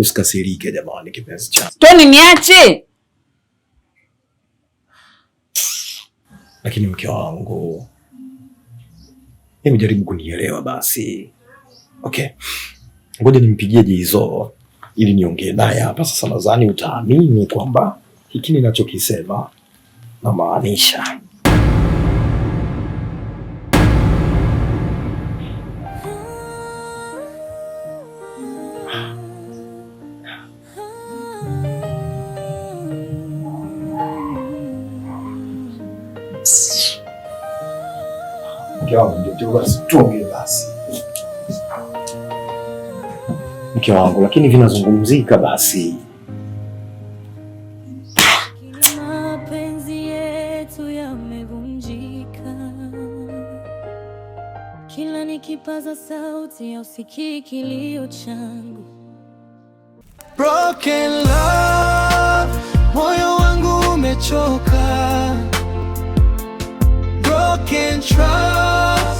Usikasirike jamani, kipenzi changu. Toni, niache. Lakini mke wangu, hebu jaribu kunielewa basi. Okay, ngoja nimpigie Jizo ili niongee naye hapa sasa. Nadhani utaamini kwamba hiki ninachokisema namaanisha basi tuongee basi mke wangu, lakini vinazungumzika basi. Mapenzi yetu yamevunjika, kila nikipaza sauti ya usikii kilio changu. Broken love, moyo wangu umechoka. Broken trust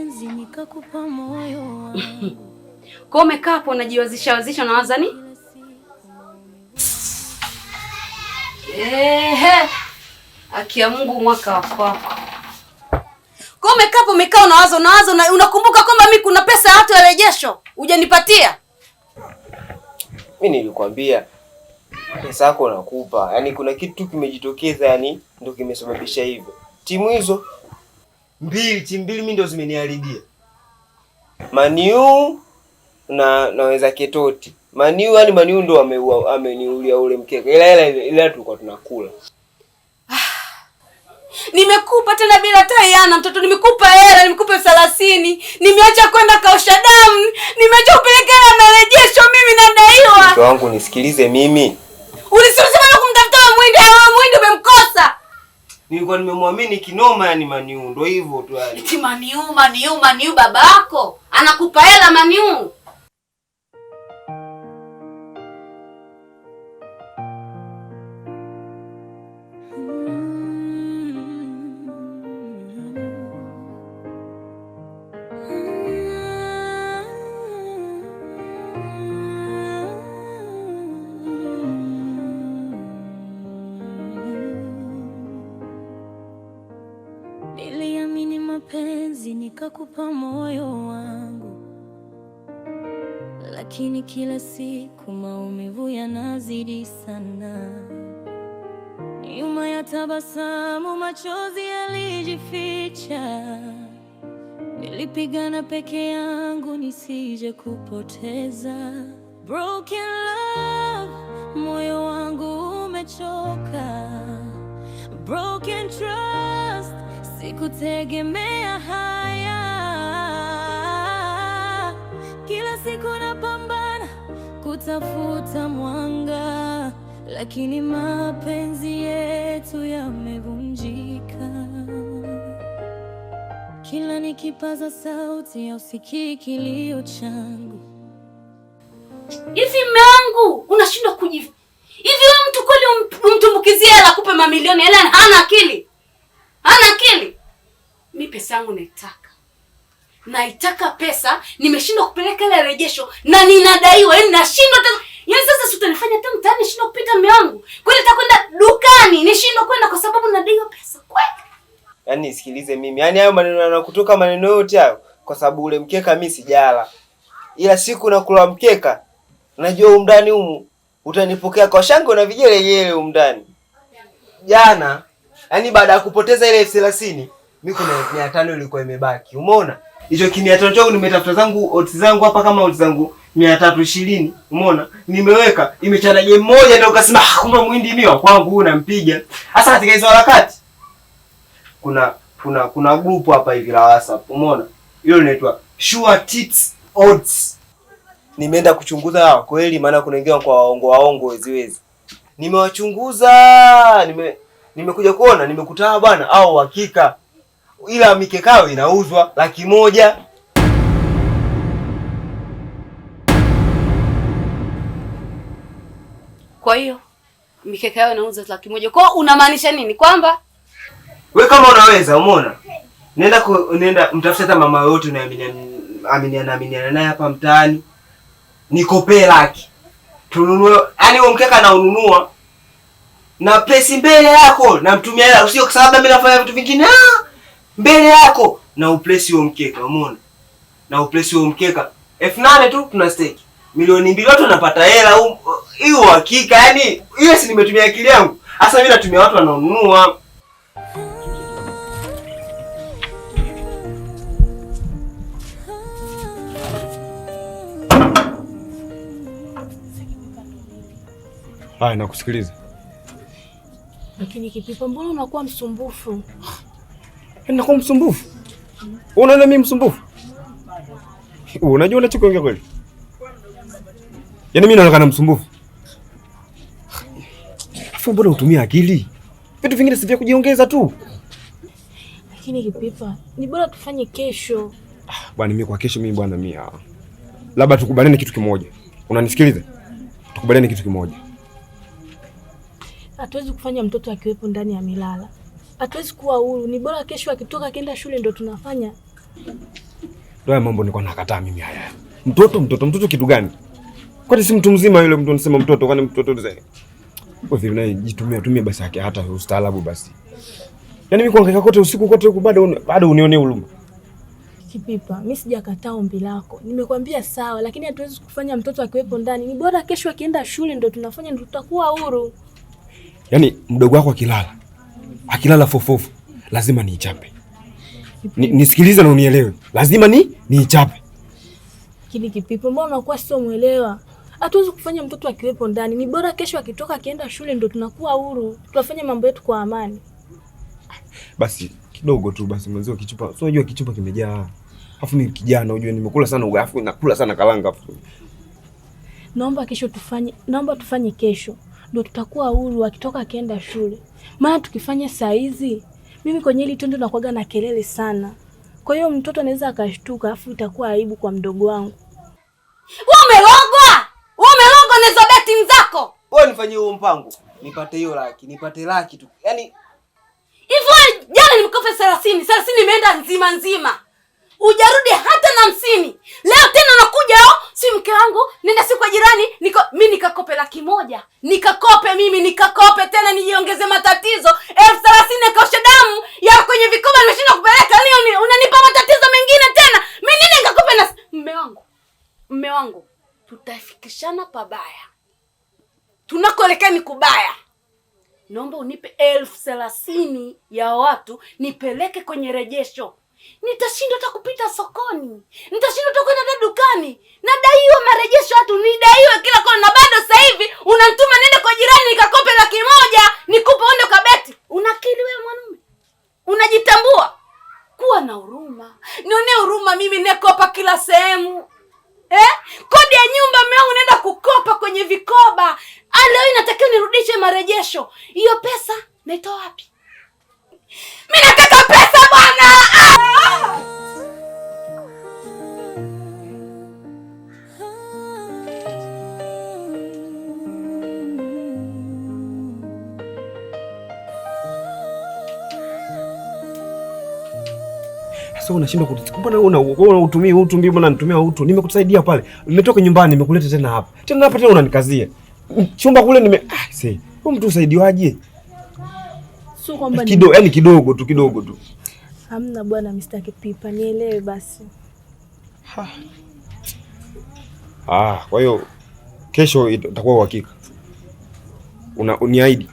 nikakupa moyo. Kwa umekaa hapo unajiwazisha wazisha na wazani? Ehe. Akia Mungu mwaka wa kwako. Kwa umekaa hapo umekaa unawaza unawaza unakumbuka kwamba mimi kuna pesa ya watu ya rejesho hujanipatia. Mimi nilikwambia pesa yako nakupa. Yaani kuna kitu kimejitokeza yani ndio kimesababisha hivyo. Timu hizo mbili, timu mbili mimi ndio zimeniharibia Maniu na naweza Ketoti. Maniu yani Maniu ndo ameniulia ule mkeka, ila ila ila tulikuwa tunakula. nimekupa tena bila tayana mtoto, nimekupa hela, nimekupa thelathini, nimeacha kwenda kaosha damu, nimeacha kupeleka hela marejesho, mimi nadaiwa. Mtoto wangu nisikilize mimi. Ulisema kumtafuta mwindi, wewe mwindi umemkosa nilikuwa nimemwamini kinoma, yani Maniu ndo hivyo tu yani. Eti Maniu Maniu Maniu babako anakupa hela Maniu mapenzi nikakupa moyo wangu, lakini kila siku maumivu yanazidi sana. Nyuma ya tabasamu machozi yalijificha. Nilipigana peke yangu nisije kupoteza. Broken love, moyo wangu umechoka. Broken trust Sikutegemea haya, kila siku napambana kutafuta mwanga, lakini mapenzi yetu yamevunjika. Kila nikipaza sauti usikii kilio changu. Hivi mme wangu unashindwa kujiv... hivi wewe mtu kweli umtumbukizie hela akupe mamilioni, hela yaani hana akili Hana akili. Mi pesa yangu naitaka, naitaka pesa. Nimeshindwa kupeleka ile rejesho na ninadaiwa, yani nashindwa yaani. Sasa si utanifanya hata mtaani nishindwa kupita mume wangu kweli? Nitakwenda dukani nishindwa kwenda kwa sababu nadaiwa pesa kweli? Yaani nisikilize mimi, yaani hayo maneno yanakutoka maneno yote hayo kwa sababu ule mkeka mimi sijala, ila siku nakula mkeka, najua umndani humu utanipokea kwa shangwe na vigelegele. Umndani jana Yaani baada ya kupoteza ile elfu thelathini mimi kuna elfu mia tano ilikuwa imebaki. Umeona? Hicho kimia tano changu nimetafuta zangu odds zangu hapa kama odds zangu mia tatu ishirini. Umeona? Nimeweka imechanaje game moja ndio ukasema ah, kumbe mwindi mimi wa kwangu huyu nampiga. Sasa katika hizo harakati kuna kuna kuna group hapa hivi la WhatsApp. Umeona? Hilo linaitwa Sure Tips Odds. Nimeenda kuchunguza ah, kweli, maana kuna wengine kwa waongo waongo wezi wezi. Nimewachunguza, nime nimekuja kuona nimekutaa bwana, au hakika, ila mikekao inauzwa laki moja. Kwa hiyo mikeka yao inauzwa laki moja. Kwa unamaanisha nini? Kwamba we kama unaweza, umeona, nenda nenda mtafute hata mama yoyote unaaminiana aminiana naye hapa mtaani, nikopee laki tununue, yaani huo mkeka naununua na pesi mbele yako na mtumia hela, sio kwa sababu mimi nafanya vitu vingine. Ah, mbele yako na uplesi huo mkeka, umeona? Na uplesi huo mkeka elfu nane tu tuna stake milioni mbili, watu wanapata hela hiyo. Hakika yani hiyo, si nimetumia akili yangu hasa mimi, natumia watu wanaonunua Haya, nakusikiliza. Lakini Kipipa, mbona unakuwa msumbufu? Nakuwa msumbufu? Unaona mimi msumbufu? Unajua unachokiongea kweli? Yaani mimi naonekana msumbufu? Afu mbona utumia akili? Vitu vingine si vya kujiongeza tu. Lakini Kipipa, ni bora tufanye kesho. Ah, bwana mimi kwa kesho mimi bwana mimi. Ah. Labda tukubaliane kitu kimoja. Unanisikiliza? Tukubaliane kitu kimoja hatuwezi kufanya mtoto akiwepo ndani ya milala, hatuwezi kuwa huru. Ni bora kesho akitoka akienda shule ndo tunafanya ndio. Haya mambo nilikuwa nakataa mimi. Haya mtoto mtoto mtoto, kitu gani? Kwani si mtu mzima yule mtu anasema mtoto? Kwani mtoto zaidi wewe naye jitumia tumia basi yake, hata ustaarabu basi. Yaani mimi kuangaika kote usiku kote huko bado bado unione huruma. Kipipa, mimi sijakataa ombi lako, nimekwambia sawa, lakini hatuwezi kufanya mtoto akiwepo ndani. Ni bora kesho akienda shule ndio tunafanya, ndio tutakuwa huru yani mdogo wako akilala akilala fofofu lazima niichape. Ni, nisikilize na unielewe, lazima ni niichape. Kili Kipipo, mbona unakuwa sio mwelewa? Hatuwezi kufanya mtoto akiwepo ndani, ni bora kesho akitoka akienda shule ndo tunakuwa huru, tunafanya mambo yetu kwa amani. Basi kidogo tu basi, mwanzo kichupa. Sio unajua kichupa kimejaa. Alafu mimi kijana, unajua nimekula sana ugafu, nakula sana kalanga. Naomba kesho tufanye, naomba tufanye kesho ndio tutakuwa huru, akitoka akienda shule. Maana tukifanya saa hizi, mimi kwenye hili tendo nakuaga na kelele sana, kwa hiyo mtoto anaweza akashtuka, afu itakuwa aibu kwa mdogo wangu. Wewe umelogwa, wewe umelogwa na hizo beti zako. Wewe nifanyie huo mpango, nipate hiyo laki, nipate laki tu, yaani hivyo. Jana nimkopa 30 30 imeenda nzima nzima ujarudi hata na hamsini. Leo tena nakuja oh, si mke wangu, nenda si kwa jirani niko, mi nikakope laki moja nikakope mimi nikakope tena nijiongeze matatizo elfu thelathini nikaoshe damu ya kwenye vikoba nimeshinda kupeleka leo, unanipa matatizo mengine tena. Mi nini nikakope na mme wangu? Mme wangu, tutafikishana pabaya, tunakoelekea ni kubaya. Naomba unipe elfu thelathini ya watu nipeleke kwenye rejesho nitashindwa hata kupita sokoni, nitashindwa hata kwenda dukani. Nadaiwa marejesho watu, nidaiwe kila kona, na bado sasa hivi unanituma niende kwa jirani nikakope laki moja nikupe uende ukabeti. Unakili wewe mwanaume, unajitambua? Kuwa na huruma, nionee huruma mimi nekopa kila sehemu eh? Kodi ya nyumba mewangu unaenda kukopa kwenye vikoba, leo inatakiwa nirudishe marejesho. Hiyo pesa naitoa wapi? Mimi nataka pesa bwana. Sasa unashindwa kutukumbuka wewe unautumii utu mimi bwana nitumia utu. Nimekusaidia pale. Nimetoka nyumbani nimekuleta tena hapa. Tena hapa tena unanikazia. Chumba kule nime ah, see. Huyu mtu usaidiwaje? Sio kwamba eh, kidogo, yani kidogo tu kidogo tu. Hamna bwana, Mr. Kipipa, nielewe basi. Ha. Ah, kwa hiyo kesho itakuwa uhakika. Una uniahidi.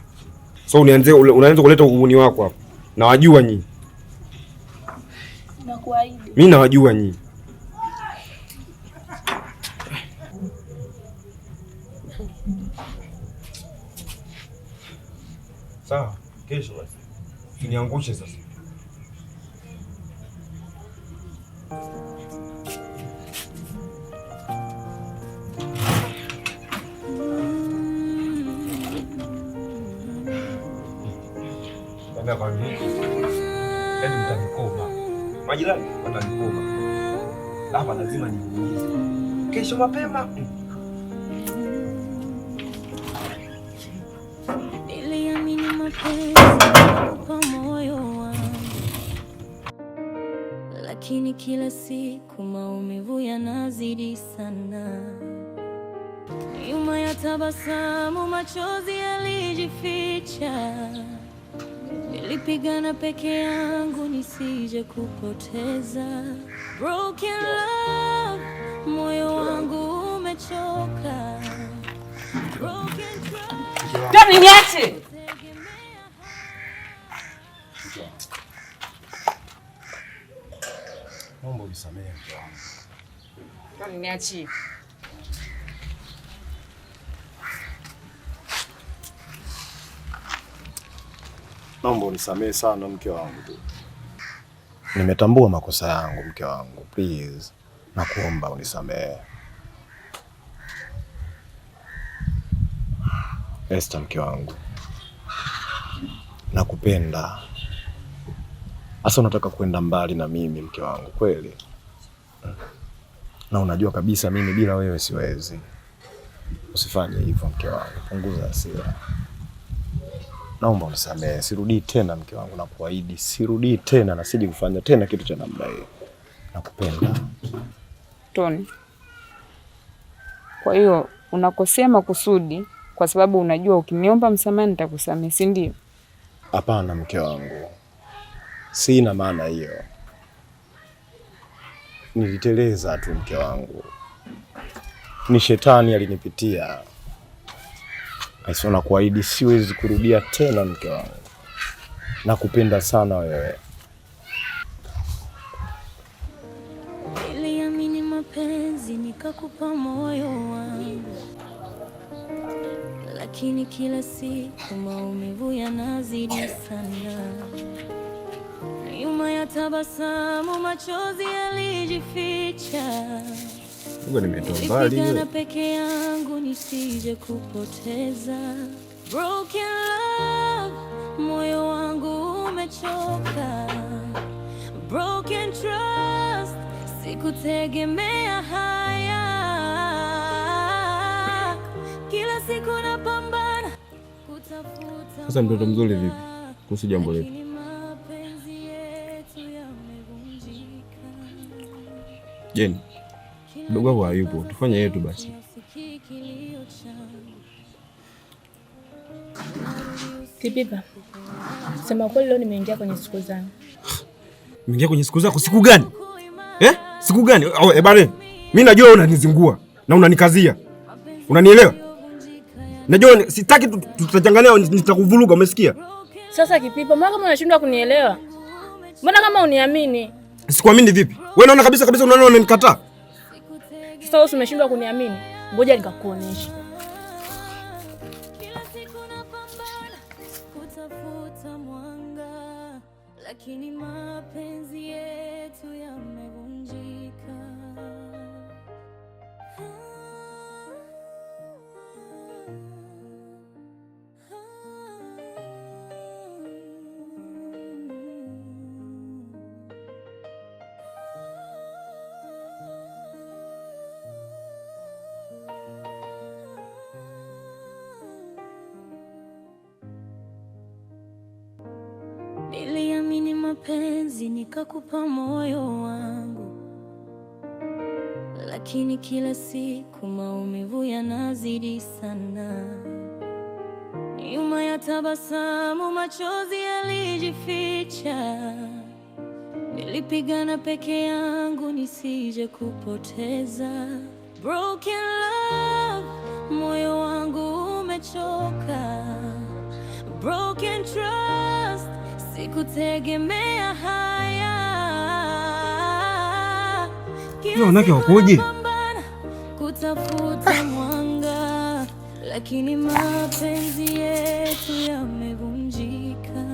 So unianze unaanza kuleta ugumuni wako hapa. Nawajua nyinyi. Nakuahidi. Mimi nawajua nyinyi. Sawa kesho basi kiniangushe sasa. Yaani mtanikoma majirani, watanikoma hapa, lazima niulize kesho mapema. yote moyo wangu, lakini kila siku maumivu yanazidi sana. Nyuma ya tabasamu machozi yalijificha. Nilipigana peke yangu nisije kupoteza. Broken love, moyo wangu umechoka. Niache! Niachie. Naomba unisamehe sana mke wangu tu. Nimetambua makosa yangu mke wangu, please, nakuomba unisamehe. Esta, mke wangu, nakupenda hasa. Unataka kwenda mbali na mimi mke wangu kweli? na unajua kabisa mimi bila wewe siwezi. Usifanye hivyo mke wangu, punguza hasira, naomba unisamehe. Sirudii tena mke wangu, nakuahidi, sirudii tena, nasidi kufanya tena kitu cha namna hiyo. Nakupenda Toni. Kwa hiyo unakosea makusudi kwa sababu unajua ukiniomba msamaha nitakusamehe, si ndio? Hapana mke wangu, sina maana hiyo niliteleza tu mke wangu, ni shetani alinipitia. Aisee, kuahidi siwezi kurudia tena mke wangu, nakupenda sana wewe. Niliamini mapenzi nikakupa moyo wangu, lakini kila siku maumivu yanazidi sana nyuma ya tabasamu machozi yalijificha. Nilipigana peke yangu nisije kupoteza broken love, moyo wangu umechoka broken trust, sikutegemea haya, kila siku napambana kutafuta. Sasa mtoto mzuri, vipi kuhusu jambo letu? Jeni, mdogo wako hayupo, tufanye yetu basi. Tipipa, sema kweli, leo nimeingia kwenye siku zangu. Nimeingia kwenye siku zako siku gani eh? siku gani oh, eh? ebare mimi najua unanizingua na unanikazia, unanielewa? Najua sitaki tutachangana, nitakuvuruga, umesikia? Sasa Kipipa, mbona kama unashindwa kunielewa? Mbona kama uniamini Sikuamini vipi? Wewe unaona kabisa kabisa unaona unanikataa. Sasa wewe umeshindwa kuniamini. Ngoja nikakuonesha. Lakini mapenzi mapenzi nikakupa moyo wangu, lakini kila siku maumivu yanazidi sana. Nyuma ya tabasamu machozi yalijificha. Nilipigana peke yangu nisije kupoteza. Broken love, moyo wangu umechoka. Broken trust Sikutegemea haya. wanawake wakoje? Kutafuta ah. mwanga, lakini mapenzi yetu yamevunjika.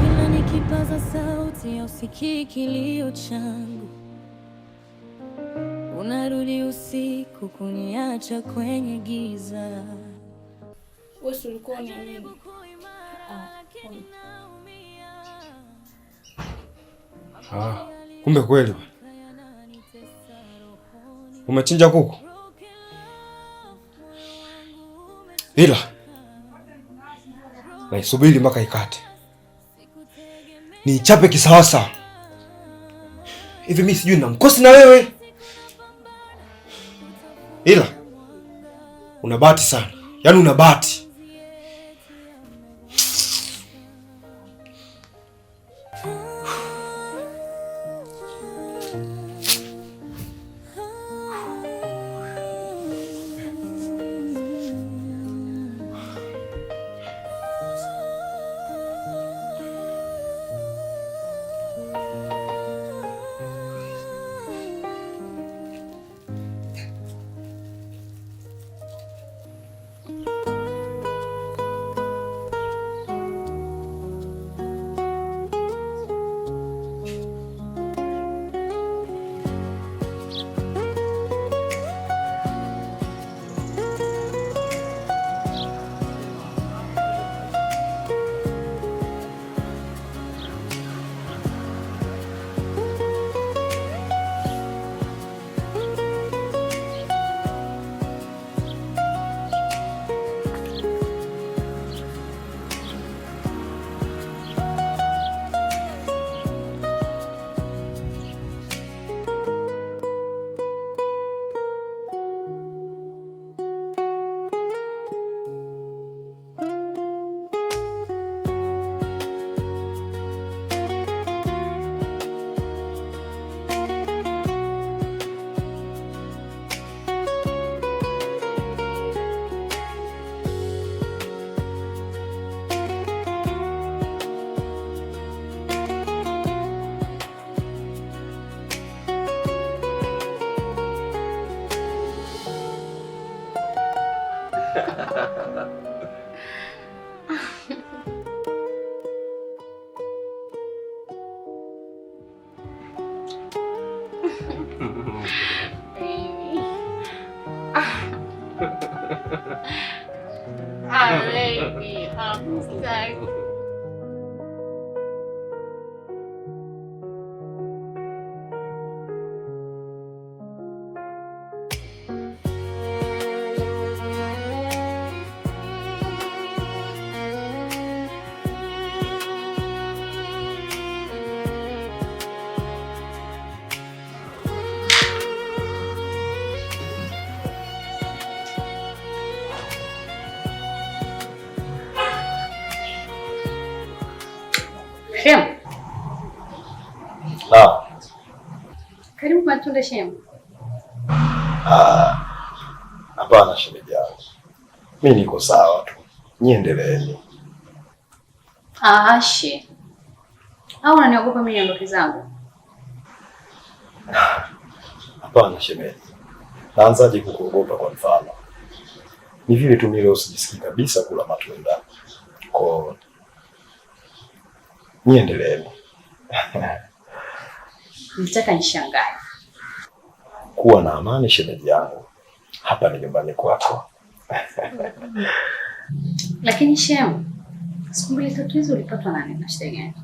Kila nikipaza sauti ya hausikii kilio changu. Unarudi usiku kuniacha kwenye giza. Wewe ulikuwa ni nini? Ah, kumbe kweli umechinja kuku, ila naisubiri mpaka ikate niichape kisawasa. Hivi mi sijui namkosi na wewe, ila una bahati sana, yaani una bahati ハハハハ。Shem. Shemu, ah. karibu matunda. Shemu, ah. hapana. Shemeji yangu, mi niko sawa tu, niendeleeni. Ashe, ah, au unaniogopa mimi na niondoke zangu? Hapana shemeji, naanzaje kukuogopa? Kwa mfano, ni vile tu mi leo sijisikii kabisa kula matunda ko niendeleeni. Nitaka nishangae. Kuwa na amani shemeji yangu, hapa ni nyumbani kwako. Lakini Shemu, siku mbili tatu hizo ulipatwa na nini? Shida gani?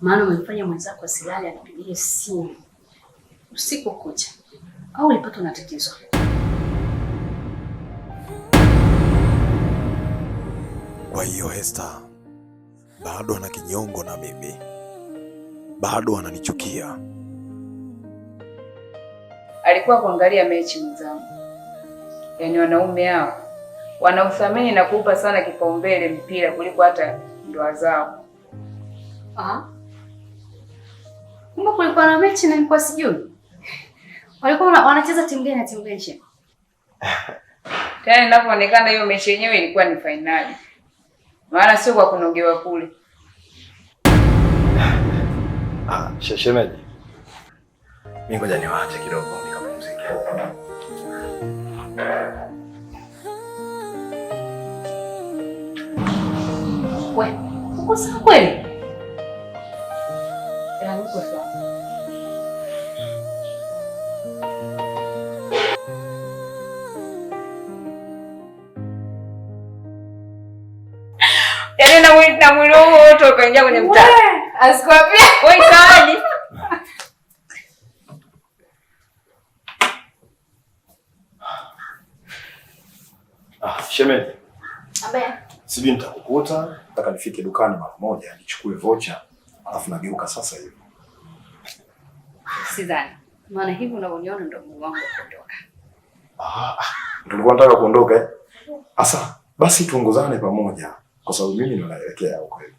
Maana umemfanya mwenzako asilale, anapigia simu usiku kucha, au ulipatwa na tatizo? Kwa hiyo Hester, bado ana kinyongo na mimi, bado ananichukia. Alikuwa kuangalia mechi mzangu, yaani wanaume hao wanauthamini na kuupa sana kipaumbele mpira kuliko hata ndoa zao. Ah. Kumbe kulikuwa na mechi na nilikuwa sijui. Walikuwa wanacheza timu gani na timu gani? Tena inapoonekana hiyo mechi yenyewe ilikuwa ni fainali maana sio kwa kunogewa kule. Ah, sheshemeji, mimi ngoja niwaache kidogo nikapumzike. Uko sawa kweli? Yaani na mwili huu wote ukaingia kwenye mtaa. Asikwambia wewe kaadi. Ah, shemeji. Abe. Sijui nitakukuta, nataka nifike dukani mara moja nichukue vocha, alafu nageuka sasa hivi. Sidhani. Maana hivi unavyoniona ndio Mungu wangu kuondoka. Ah, ah ndio nataka kuondoka. eh? Asa, basi tuongozane pamoja kwa sababu mimi ninaelekea huko hivi.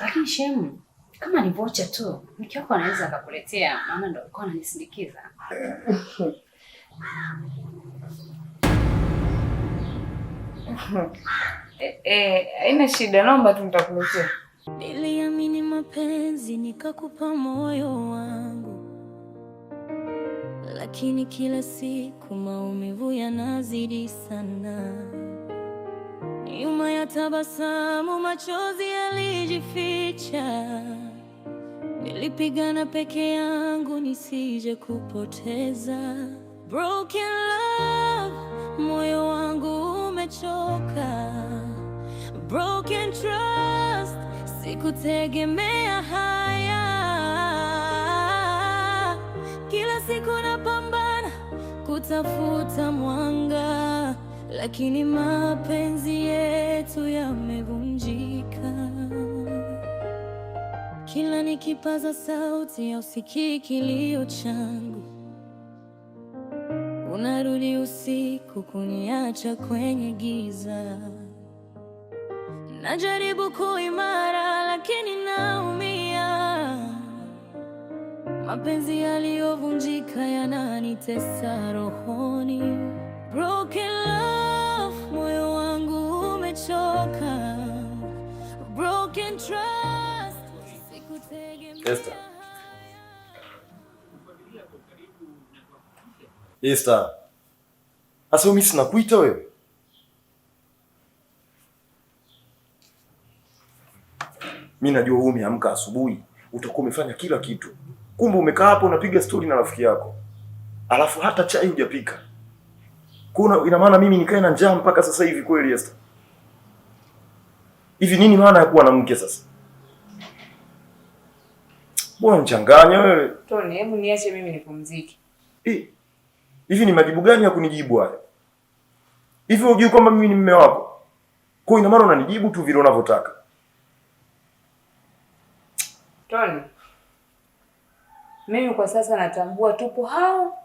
Lakini shem, kama ni vocha tu, mke wako anaweza akakuletea, maana ndo alikuwa ananisindikiza. Eh, eh, haina shida, naomba tu nitakuletea. Niliamini mapenzi nikakupa moyo wangu, lakini kila siku maumivu yanazidi sana. Nyuma ya tabasamu machozi yalijificha, nilipigana peke yangu nisije kupoteza. Broken love, moyo wangu umechoka. Broken trust, sikutegemea haya. Kila siku napambana kutafuta mwanga lakini mapenzi yetu yamevunjika. Kila nikipaza sauti ya usikii kilio changu, unarudi usiku kuniacha kwenye giza. Najaribu kuimara, lakini naumia. Mapenzi yaliyovunjika yananitesa rohoni. Broken love, moyo wangu umechoka. Broken trust, sikutegemea. Esta, asa mimi sinakuita wewe Mi najua wewe umeamka asubuhi, utakuwa umefanya kila kitu, kumbe umekaa hapo unapiga stori na rafiki yako, alafu hata chai hujapika kuna ina maana mimi nikae na njaa mpaka sasa hivi kweli Esther? Hivi nini maana ya kuwa na mke sasa? Bwana mchanganya wewe? Tony, hebu niache mimi nipumzike. Eh. Hivi ni majibu gani ya kunijibu haya? Hivi unajua kwamba mimi ni mume wako? Kwa ina maana unanijibu tu vile unavyotaka. Tony. Mimi kwa sasa natambua tupo hao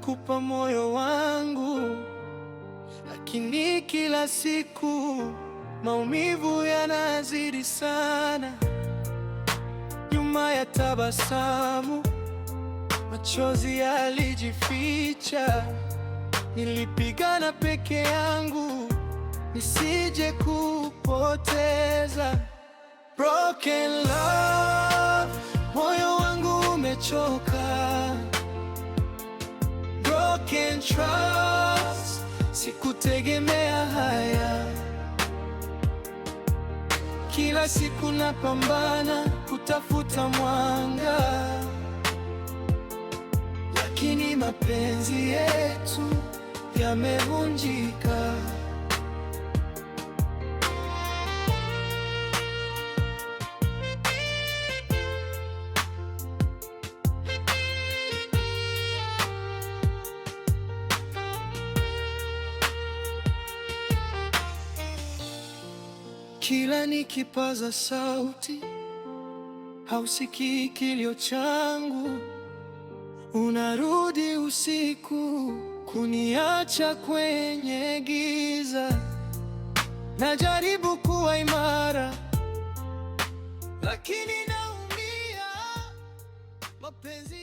nakupa moyo wangu, lakini kila siku maumivu yanazidi sana. Nyuma ya tabasamu machozi yalijificha. Nilipigana peke yangu nisije kupoteza. Broken love, moyo wangu umechoka trust, sikutegemea haya. Kila siku napambana kutafuta mwanga, lakini mapenzi yetu yamevunjika. duniani kipaza sauti, hausikii kilio changu. Unarudi usiku kuniacha kwenye giza. Najaribu kuwa imara, lakini naumia mapenzi